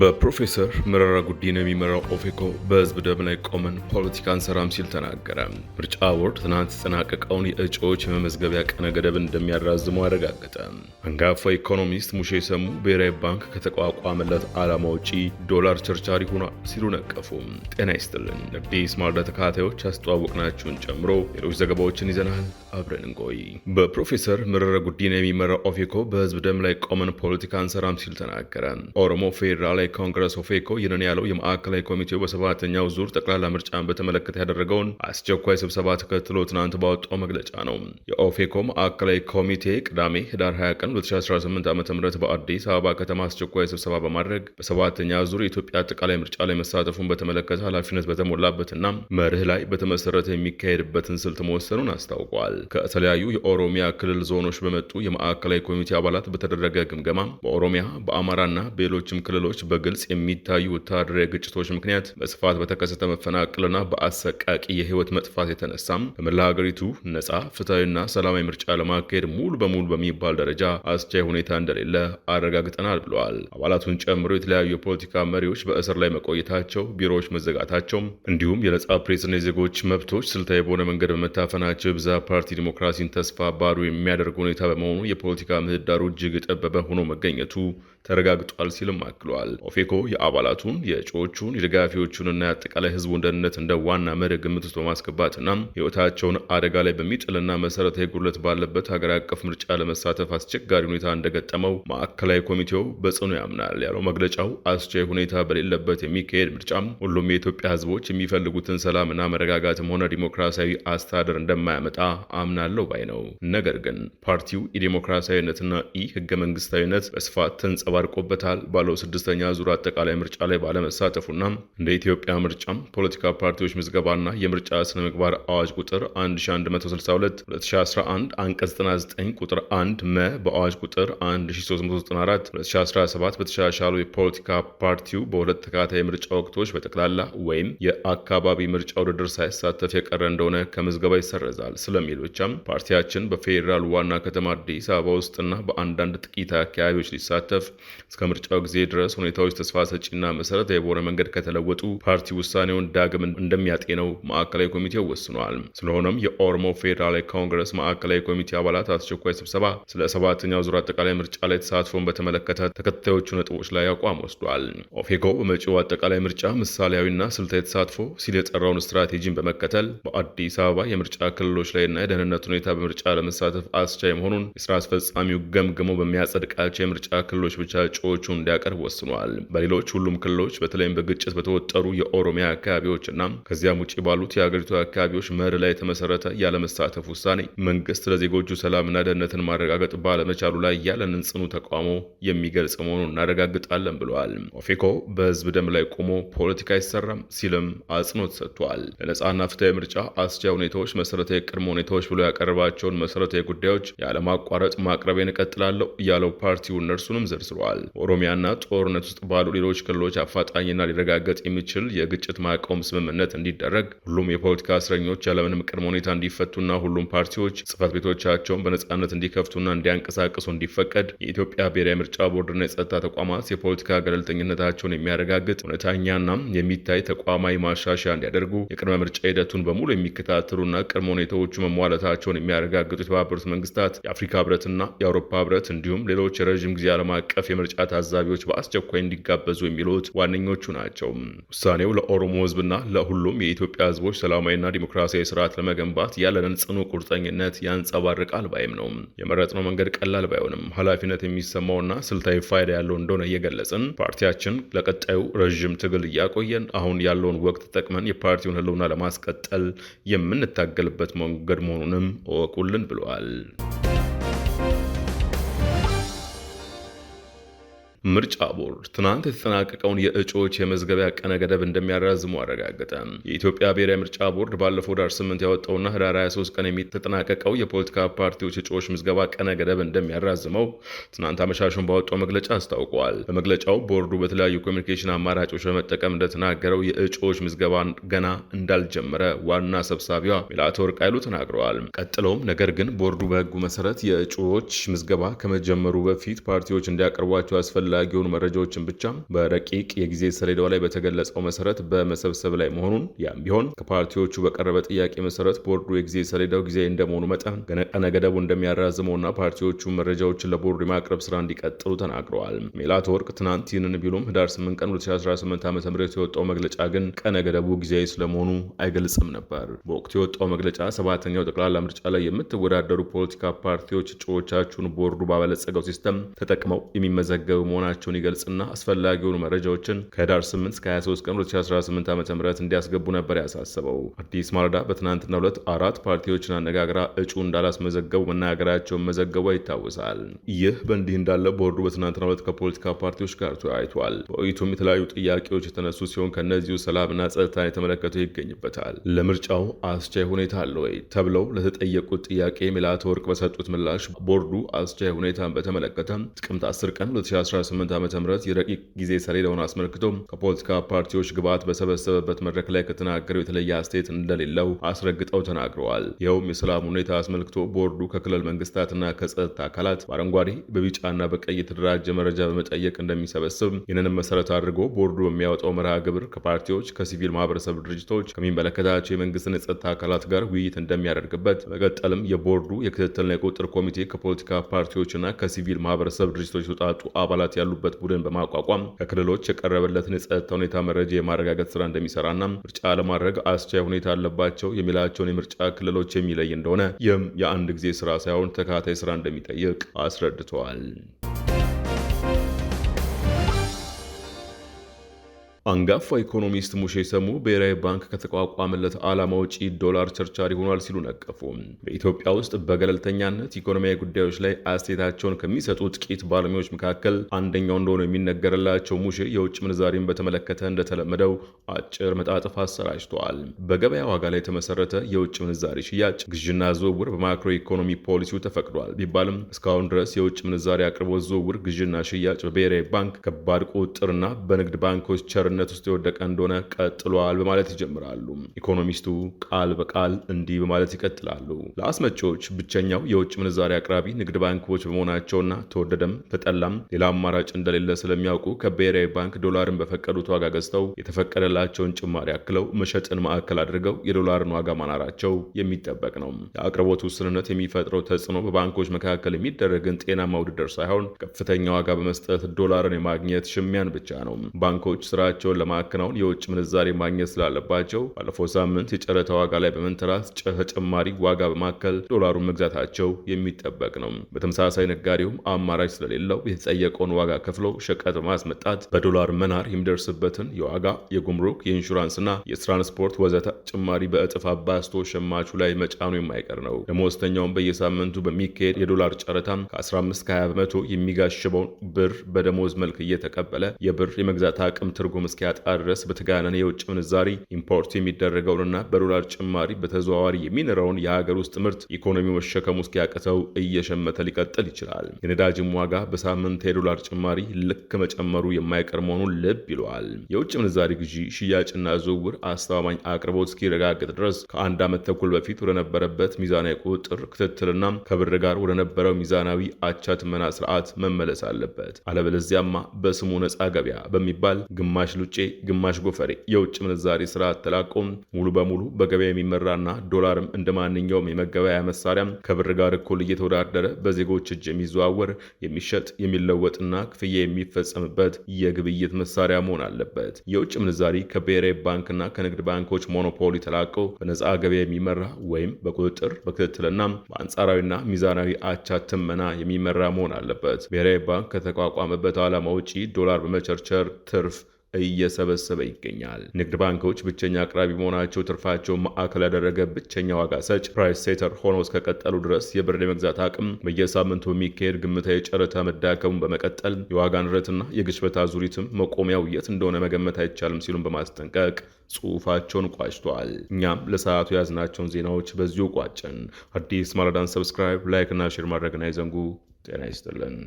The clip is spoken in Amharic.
በፕሮፌሰር መረራ ጉዲና የሚመራው ኦፌኮ በህዝብ ደም ላይ ቆመን ፖለቲካ አንሰራም ሲል ተናገረ። ምርጫ ቦርድ ትናንት የተጠናቀቀውን የእጩዎች የመመዝገቢያ ቀነ ገደብ እንደሚያራዝሙ አረጋገጠ። አንጋፋ ኢኮኖሚስት ሙሼ ሰሙ ብሔራዊ ባንክ ከተቋቋመለት ዓላማ ውጪ ዶላር ቸርቻሪ ሆኗል ሲሉ ነቀፉ። ጤና ይስጥልን አዲስ ማለዳ ተከታታዮች ያስተዋወቅናችሁን ጨምሮ ሌሎች ዘገባዎችን ይዘናል። አብረን እንቆይ። በፕሮፌሰር መረራ ጉዲና የሚመራው ኦፌኮ በህዝብ ደም ላይ ቆመን ፖለቲካ አንሰራም ሲል ተናገረ። ኦሮሞ ፌዴራላዊ ኮንግረስ ኦፌኮ ይህንን ያለው የማዕከላዊ ኮሚቴው በሰባተኛው ዙር ጠቅላላ ምርጫን በተመለከተ ያደረገውን አስቸኳይ ስብሰባ ተከትሎ ትናንት ባወጣው መግለጫ ነው። የኦፌኮ ማዕከላዊ ኮሚቴ ቅዳሜ ህዳር 20 ቀን 2018 ዓ ም በአዲስ አበባ ከተማ አስቸኳይ ስብሰባ በማድረግ በሰባተኛ ዙር የኢትዮጵያ አጠቃላይ ምርጫ ላይ መሳተፉን በተመለከተ ኃላፊነት በተሞላበትና መርህ ላይ በተመሰረተ የሚካሄድበትን ስልት መወሰኑን አስታውቋል። ከተለያዩ የኦሮሚያ ክልል ዞኖች በመጡ የማዕከላዊ ኮሚቴ አባላት በተደረገ ግምገማ በኦሮሚያ በአማራና በሌሎችም ክልሎች በግልጽ የሚታዩ ወታደራዊ ግጭቶች ምክንያት በስፋት በተከሰተ መፈናቀልና በአሰቃቂ የህይወት መጥፋት የተነሳም በመላ ሀገሪቱ ነጻ ፍትሐዊና ሰላማዊ ምርጫ ለማካሄድ ሙሉ በሙሉ በሚባል ደረጃ አስቻይ ሁኔታ እንደሌለ አረጋግጠናል ብለዋል። አባላቱን ጨምሮ የተለያዩ የፖለቲካ መሪዎች በእስር ላይ መቆየታቸው፣ ቢሮዎች መዘጋታቸው እንዲሁም የነጻ ፕሬስና የዜጎች መብቶች ስልታዊ በሆነ መንገድ በመታፈናቸው የብዛ ፓርቲ ፓርቲ ዲሞክራሲን ተስፋ ባዶ የሚያደርግ ሁኔታ በመሆኑ የፖለቲካ ምህዳሩ እጅግ የጠበበ ሆኖ መገኘቱ ተረጋግጧል ሲልም አክሏል። ኦፌኮ የአባላቱን የእጩዎቹን፣ የደጋፊዎቹንና የአጠቃላይ ህዝቡን ደህንነት እንደ ዋና መሪ ግምት ውስጥ በማስገባትና ህይወታቸውን አደጋ ላይ በሚጥልና መሰረታዊ ጉድለት ባለበት ሀገር አቀፍ ምርጫ ለመሳተፍ አስቸጋሪ ሁኔታ እንደገጠመው ማዕከላዊ ኮሚቴው በጽኑ ያምናል ያለው መግለጫው አስቻይ ሁኔታ በሌለበት የሚካሄድ ምርጫም ሁሉም የኢትዮጵያ ህዝቦች የሚፈልጉትን ሰላምና መረጋጋትም ሆነ ዲሞክራሲያዊ አስተዳደር እንደማያመጣ አምናለሁ ባይ ነው። ነገር ግን ፓርቲው የዲሞክራሲያዊነትና ኢ ህገ መንግስታዊነት በስፋት ተንጸ አንጸባርቆበታል ባለው ስድስተኛ ዙር አጠቃላይ ምርጫ ላይ ባለመሳተፉና እንደ ኢትዮጵያ ምርጫም ፖለቲካ ፓርቲዎች ምዝገባና የምርጫ ስነ ምግባር አዋጅ ቁጥር 1162 2011 አንቀጽ 99 ቁጥር 1 መ በአዋጅ ቁጥር 1394 2017 በተሻሻሉ የፖለቲካ ፓርቲው በሁለት ተካታይ ምርጫ ወቅቶች በጠቅላላ ወይም የአካባቢ ምርጫ ውድድር ሳይሳተፍ የቀረ እንደሆነ ከምዝገባ ይሰረዛል ስለሚል ብቻም ፓርቲያችን በፌዴራል ዋና ከተማ አዲስ አበባ ውስጥና በአንዳንድ ጥቂት አካባቢዎች ሊሳተፍ እስከ ምርጫው ጊዜ ድረስ ሁኔታዎች ተስፋ ሰጪና መሰረታዊ በሆነ መንገድ ከተለወጡ ፓርቲ ውሳኔውን ዳግም እንደሚያጤነው ማዕከላዊ ኮሚቴው ወስኗል። ስለሆነም የኦሮሞ ፌዴራላዊ ኮንግረስ ማዕከላዊ ኮሚቴ አባላት አስቸኳይ ስብሰባ ስለ ሰባተኛው ዙር አጠቃላይ ምርጫ ላይ ተሳትፎን በተመለከተ ተከታዮቹ ነጥቦች ላይ አቋም ወስዷል። ኦፌኮ በመጪው አጠቃላይ ምርጫ ምሳሌያዊና ስልታዊ ተሳትፎ ሲል የጠራውን ስትራቴጂን በመከተል በአዲስ አበባ የምርጫ ክልሎች ላይና የደህንነት ሁኔታ በምርጫ ለመሳተፍ አስቻይ መሆኑን የስራ አስፈጻሚው ገምግሞ በሚያጸድቃቸው የምርጫ ክልሎች ብቻ እንዲያቀርብ ወስኗል። በሌሎች ሁሉም ክልሎች በተለይም በግጭት በተወጠሩ የኦሮሚያ አካባቢዎች እና ከዚያም ውጭ ባሉት የሀገሪቱ አካባቢዎች መር ላይ የተመሰረተ ያለመሳተፍ ውሳኔ መንግስት ለዜጎቹ ሰላምና ደህንነትን ማረጋገጥ ባለመቻሉ ላይ ያለንን ጽኑ ተቃውሞ የሚገልጽ መሆኑን እናረጋግጣለን ብለዋል። ኦፌኮ በህዝብ ደም ላይ ቆሞ ፖለቲካ አይሰራም ሲልም አጽንኦት ሰጥቷል። ለነጻና ፍትሐዊ ምርጫ አስቻይ ሁኔታዎች መሰረታዊ ቅድመ ሁኔታዎች ብሎ ያቀረባቸውን መሰረታዊ ጉዳዮች ያለማቋረጥ ማቅረቤን እቀጥላለሁ ያለው ፓርቲው እነርሱንም ዘርዝሯል። አሳስቧል። ኦሮሚያና ጦርነት ውስጥ ባሉ ሌሎች ክልሎች አፋጣኝና ሊረጋገጥ የሚችል የግጭት ማቆም ስምምነት እንዲደረግ ሁሉም የፖለቲካ እስረኞች ያለምንም ቅድመ ሁኔታ እንዲፈቱና ሁሉም ፓርቲዎች ጽህፈት ቤቶቻቸውን በነጻነት እንዲከፍቱና እንዲያንቀሳቅሱ እንዲፈቀድ የኢትዮጵያ ብሔራዊ ምርጫ ቦርድና የጸጥታ ተቋማት የፖለቲካ ገለልተኝነታቸውን የሚያረጋግጥ እውነተኛና የሚታይ ተቋማዊ ማሻሻያ እንዲያደርጉ የቅድመ ምርጫ ሂደቱን በሙሉ የሚከታተሉና ቅድመ ሁኔታዎቹ መሟላታቸውን የሚያረጋግጡ የተባበሩት መንግስታት፣ የአፍሪካ ህብረትና የአውሮፓ ህብረት እንዲሁም ሌሎች የረዥም ጊዜ ዓለም አቀፍ የምርጫ ታዛቢዎች በአስቸኳይ እንዲጋበዙ የሚሉት ዋነኞቹ ናቸው። ውሳኔው ለኦሮሞ ህዝብና ለሁሉም የኢትዮጵያ ህዝቦች ሰላማዊና ዲሞክራሲያዊ ስርዓት ለመገንባት ያለንን ጽኑ ቁርጠኝነት ያንጸባርቃል ባይም ነው። የመረጥነው መንገድ ቀላል ባይሆንም ኃላፊነት የሚሰማውና ስልታዊ ፋይዳ ያለው እንደሆነ እየገለጽን ፓርቲያችን ለቀጣዩ ረዥም ትግል እያቆየን አሁን ያለውን ወቅት ጠቅመን የፓርቲውን ህልውና ለማስቀጠል የምንታገልበት መንገድ መሆኑንም እወቁልን ብለዋል። ምርጫ ቦርድ ትናንት የተጠናቀቀውን የእጩዎች የመዝገቢያ ቀነ ገደብ እንደሚያራዝሙ አረጋገጠ። የኢትዮጵያ ብሔራዊ ምርጫ ቦርድ ባለፈው ዳር 8 ያወጣውና ህዳር 23 ቀን የሚተጠናቀቀው የፖለቲካ ፓርቲዎች እጩዎች ምዝገባ ቀነ ገደብ እንደሚያራዝመው ትናንት አመሻሹን ባወጣው መግለጫ አስታውቋል። በመግለጫው ቦርዱ በተለያዩ ኮሚኒኬሽን አማራጮች በመጠቀም እንደተናገረው የእጩዎች ምዝገባ ገና እንዳልጀመረ ዋና ሰብሳቢዋ መላትወርቅ ኃይሉ ተናግረዋል። ቀጥለውም ነገር ግን ቦርዱ በህጉ መሰረት የእጩዎች ምዝገባ ከመጀመሩ በፊት ፓርቲዎች እንዲያቀርቧቸው ያስፈል አስፈላጊ የሆኑ መረጃዎችን ብቻ በረቂቅ የጊዜ ሰሌዳው ላይ በተገለጸው መሰረት በመሰብሰብ ላይ መሆኑን ያም ቢሆን ከፓርቲዎቹ በቀረበ ጥያቄ መሰረት ቦርዱ የጊዜ ሰሌዳው ጊዜ እንደመሆኑ መጠን ቀነ ገደቡ እንደሚያራዝመውና ፓርቲዎቹ መረጃዎችን ለቦርዱ የማቅረብ ስራ እንዲቀጥሉ ተናግረዋል። ሜላትወርቅ ትናንት ይህንን ቢሉም ህዳር 8 ቀን 2018 ዓ ም የወጣው መግለጫ ግን ቀነ ገደቡ ጊዜ ስለመሆኑ አይገልጽም ነበር። በወቅቱ የወጣው መግለጫ ሰባተኛው ጠቅላላ ምርጫ ላይ የምትወዳደሩ ፖለቲካ ፓርቲዎች እጩዎቻችሁን ቦርዱ ባበለጸገው ሲስተም ተጠቅመው የሚመዘገብ መሆን መሆናቸውን ይገልጽና አስፈላጊውን መረጃዎችን ከህዳር 8 እስከ 23 ቀን 2018 ዓ ም እንዲያስገቡ ነበር ያሳሰበው። አዲስ ማለዳ በትናንትና ሁለት አራት ፓርቲዎችን አነጋግራ እጩ እንዳላስመዘገቡ መናገራቸውን መዘገቧ ይታወሳል። ይህ በእንዲህ እንዳለ ቦርዱ በትናንትና ሁለት ከፖለቲካ ፓርቲዎች ጋር ተወያይቷል። በውይይቱም የተለያዩ ጥያቄዎች የተነሱ ሲሆን ከእነዚሁ ሰላምና ጸጥታን የተመለከቱ ይገኝበታል። ለምርጫው አስቻይ ሁኔታ አለ ወይ ተብለው ለተጠየቁት ጥያቄ ሚላተወርቅ በሰጡት ምላሽ ቦርዱ አስቻይ ሁኔታን በተመለከተ ጥቅምት 10 ቀን 2018 2018 ዓ ም የረቂቅ ጊዜ ሰሌዳውን አስመልክቶ ከፖለቲካ ፓርቲዎች ግብዓት በሰበሰበበት መድረክ ላይ ከተናገረው የተለየ አስተያየት እንደሌለው አስረግጠው ተናግረዋል። ይኸውም የሰላም ሁኔታ አስመልክቶ ቦርዱ ከክልል መንግስታትና ከጸጥታ አካላት በአረንጓዴ በቢጫና በቀይ የተደራጀ መረጃ በመጠየቅ እንደሚሰበስብ ይህንንም መሰረት አድርጎ ቦርዱ በሚያወጣው መርሃ ግብር ከፓርቲዎች፣ ከሲቪል ማህበረሰብ ድርጅቶች፣ ከሚመለከታቸው የመንግስትን የጸጥታ አካላት ጋር ውይይት እንደሚያደርግበት በመቀጠልም የቦርዱ የክትትልና የቁጥጥር ኮሚቴ ከፖለቲካ ፓርቲዎችና ከሲቪል ማህበረሰብ ድርጅቶች የተውጣጡ አባላት ያሉበት ቡድን በማቋቋም ከክልሎች የቀረበለትን የጸጥታ ሁኔታ መረጃ የማረጋገጥ ስራ እንደሚሰራና ምርጫ ለማድረግ አስቻይ ሁኔታ አለባቸው የሚላቸውን የምርጫ ክልሎች የሚለይ እንደሆነ ይህም የአንድ ጊዜ ስራ ሳይሆን ተከታታይ ስራ እንደሚጠይቅ አስረድተዋል። አንጋፋ ኢኮኖሚስት ሙሼ ሰሙ ብሔራዊ ባንክ ከተቋቋመለት ዓላማ ውጪ ዶላር ቸርቻሪ ሆኗል ሲሉ ነቀፉ። በኢትዮጵያ ውስጥ በገለልተኛነት ኢኮኖሚያዊ ጉዳዮች ላይ አስተያየታቸውን ከሚሰጡ ጥቂት ባለሙያዎች መካከል አንደኛው እንደሆነ የሚነገርላቸው ሙሼ የውጭ ምንዛሬን በተመለከተ እንደተለመደው አጭር መጣጥፍ አሰራጭተዋል። በገበያ ዋጋ ላይ የተመሰረተ የውጭ ምንዛሬ ሽያጭ፣ ግዥና ዝውውር በማክሮ ኢኮኖሚ ፖሊሲው ተፈቅዷል ቢባልም እስካሁን ድረስ የውጭ ምንዛሪ አቅርቦት፣ ዝውውር፣ ግዥና ሽያጭ በብሔራዊ ባንክ ከባድ ቁጥጥርና በንግድ ባንኮች ቸር ጦርነት ውስጥ የወደቀ እንደሆነ ቀጥሏል በማለት ይጀምራሉ። ኢኮኖሚስቱ ቃል በቃል እንዲህ በማለት ይቀጥላሉ። ለአስመጪዎች ብቸኛው የውጭ ምንዛሪ አቅራቢ ንግድ ባንኮች በመሆናቸውና ተወደደም ተጠላም ሌላ አማራጭ እንደሌለ ስለሚያውቁ ከብሔራዊ ባንክ ዶላርን በፈቀዱት ዋጋ ገዝተው የተፈቀደላቸውን ጭማሪ አክለው መሸጥን ማዕከል አድርገው የዶላርን ዋጋ ማናራቸው የሚጠበቅ ነው። የአቅርቦት ውስንነት የሚፈጥረው ተጽዕኖ በባንኮች መካከል የሚደረግን ጤናማ ውድድር ሳይሆን ከፍተኛ ዋጋ በመስጠት ዶላርን የማግኘት ሽሚያን ብቻ ነው። ባንኮች ስራቸው ተግባራቸውን ለማከናወን የውጭ ምንዛሬ ማግኘት ስላለባቸው ባለፈው ሳምንት የጨረታ ዋጋ ላይ በመንተራስ ተጨማሪ ዋጋ በማከል ዶላሩን መግዛታቸው የሚጠበቅ ነው። በተመሳሳይ ነጋዴውም አማራጭ ስለሌለው የተጠየቀውን ዋጋ ከፍሎ ሸቀጥ በማስመጣት በዶላር መናር የሚደርስበትን የዋጋ የጉምሩክ፣ የኢንሹራንስና የትራንስፖርት ወዘተ ጭማሪ በእጥፍ አባስቶ ሸማቹ ላይ መጫኑ የማይቀር ነው። ደሞዝተኛውን በየሳምንቱ በሚካሄድ የዶላር ጨረታም ከ15 ከ20 በመቶ የሚጋሽበውን ብር በደሞዝ መልክ እየተቀበለ የብር የመግዛት አቅም ትርጉም እስኪያጣ ድረስ በተጋነነ የውጭ ምንዛሪ ኢምፖርት የሚደረገውንና በዶላር ጭማሪ በተዘዋዋሪ የሚኖረውን የሀገር ውስጥ ምርት ኢኮኖሚው መሸከሙ እስኪያቅተው እየሸመተ ሊቀጥል ይችላል። የነዳጅም ዋጋ በሳምንት የዶላር ጭማሪ ልክ መጨመሩ የማይቀር መሆኑን ልብ ይለዋል። የውጭ ምንዛሪ ግዢ፣ ሽያጭና ዝውውር አስተማማኝ አቅርቦት እስኪረጋገጥ ድረስ ከአንድ ዓመት ተኩል በፊት ወደነበረበት ሚዛናዊ ቁጥጥር ክትትልና ከብር ጋር ወደነበረው ሚዛናዊ አቻትመና ስርዓት መመለስ አለበት። አለበለዚያማ በስሙ ነፃ ገበያ በሚባል ግማሽ ውጪ ግማሽ ጎፈሬ የውጭ ምንዛሬ ስርዓት ተላቆ ሙሉ በሙሉ በገበያ የሚመራና ዶላርም እንደ ማንኛውም የመገበያ መሳሪያ ከብር ጋር እኩል እየተወዳደረ በዜጎች እጅ የሚዘዋወር የሚሸጥ የሚለወጥና ክፍያ የሚፈጸምበት የግብይት መሳሪያ መሆን አለበት። የውጭ ምንዛሪ ከብሔራዊ ባንክና ከንግድ ባንኮች ሞኖፖሊ ተላቀው በነፃ ገበያ የሚመራ ወይም በቁጥጥር በክትትልና በአንጻራዊና ሚዛናዊ አቻ ትመና የሚመራ መሆን አለበት። ብሔራዊ ባንክ ከተቋቋመበት ዓላማ ውጪ ዶላር በመቸርቸር ትርፍ እየሰበሰበ ይገኛል። ንግድ ባንኮች ብቸኛ አቅራቢ መሆናቸው ትርፋቸውን ማዕከል ያደረገ ብቸኛ ዋጋ ሰጭ ፕራይስ ሴተር ሆነው እስከቀጠሉ ድረስ የብር የመግዛት አቅም በየሳምንቱ የሚካሄድ ግምታዊ ጨረታ መዳከሙን በመቀጠል የዋጋ ንረትና የግሽበት አዙሪትም መቆሚያው የት እንደሆነ መገመት አይቻልም ሲሉም በማስጠንቀቅ ጽሑፋቸውን ቋጭቷል። እኛም ለሰዓቱ የያዝናቸውን ዜናዎች በዚሁ ቋጭን። አዲስ ማለዳን ሰብስክራይብ፣ ላይክ እና ሼር ማድረግን አይዘንጉ። ጤና ይስጥልን።